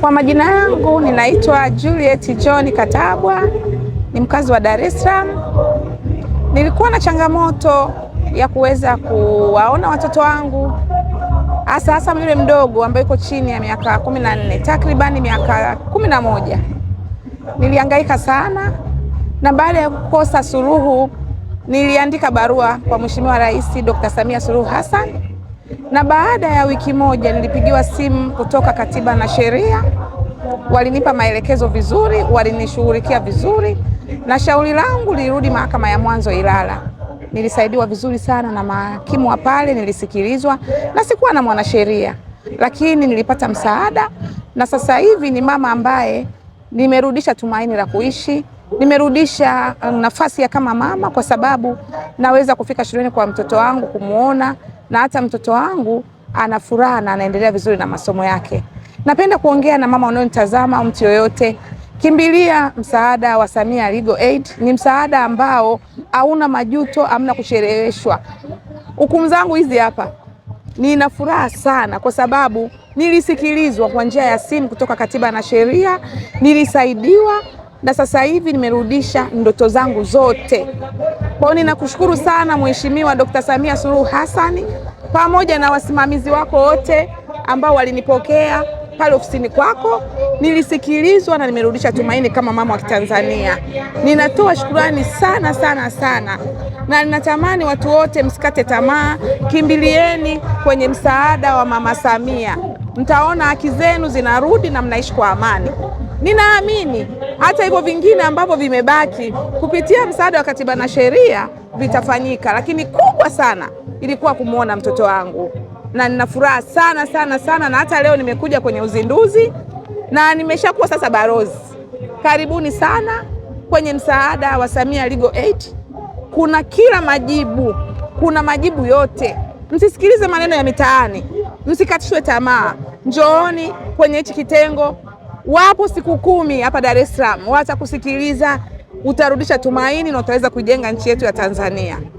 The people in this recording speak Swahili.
Kwa majina yangu ninaitwa Juliet John Katabwa, ni mkazi wa Dar es Salaam. Nilikuwa na changamoto ya kuweza kuwaona watoto wangu hasa hasa yule mdogo ambaye yuko chini ya miaka kumi na nne takribani miaka kumi na moja. Nilihangaika sana na baada ya kukosa suluhu niliandika barua kwa Mheshimiwa Rais Dr. Samia Suluhu Hassan na baada ya wiki moja nilipigiwa simu kutoka Katiba na Sheria, walinipa maelekezo vizuri, walinishughulikia vizuri, na shauri langu lilirudi mahakama ya mwanzo Ilala. Nilisaidiwa vizuri sana na mahakimu wa pale, nilisikilizwa na sikuwa na mwanasheria, lakini nilipata msaada, na sasa hivi ni mama ambaye nimerudisha tumaini la kuishi, nimerudisha uh, nafasi ya kama mama, kwa sababu naweza kufika shuleni kwa mtoto wangu kumwona na hata mtoto wangu ana furaha na anaendelea vizuri na masomo yake. Napenda kuongea na mama unayonitazama mtu yoyote, kimbilia msaada wa Samia Legal Aid. Ni msaada ambao hauna majuto, hamna kushereheshwa. Hukumu zangu hizi hapa, nina furaha sana kwa sababu nilisikilizwa kwa njia ya simu kutoka Katiba na Sheria, nilisaidiwa na sasa hivi nimerudisha ndoto zangu zote. Kwa hiyo ninakushukuru sana Mheshimiwa Dr. Samia Suluhu Hassan pamoja na wasimamizi wako wote ambao walinipokea pale ofisini kwako, nilisikilizwa na nimerudisha tumaini kama mama wa Kitanzania. Ninatoa shukurani sana sana sana, na ninatamani watu wote msikate tamaa, kimbilieni kwenye msaada wa mama Samia, mtaona haki zenu zinarudi na mnaishi kwa amani. Ninaamini hata hivyo vingine ambavyo vimebaki kupitia msaada wa katiba na sheria vitafanyika, lakini kubwa sana ilikuwa kumwona mtoto wangu, na nina furaha sana sana sana, na hata leo nimekuja kwenye uzinduzi na nimeshakuwa sasa barozi. Karibuni sana kwenye msaada wa Samia Legal Aid. Kuna kila majibu, kuna majibu yote. Msisikilize maneno ya mitaani, msikatishwe tamaa. Njooni kwenye hichi kitengo wapo siku kumi hapa Dar es Salaam, watakusikiliza, utarudisha tumaini na utaweza kuijenga nchi yetu ya Tanzania.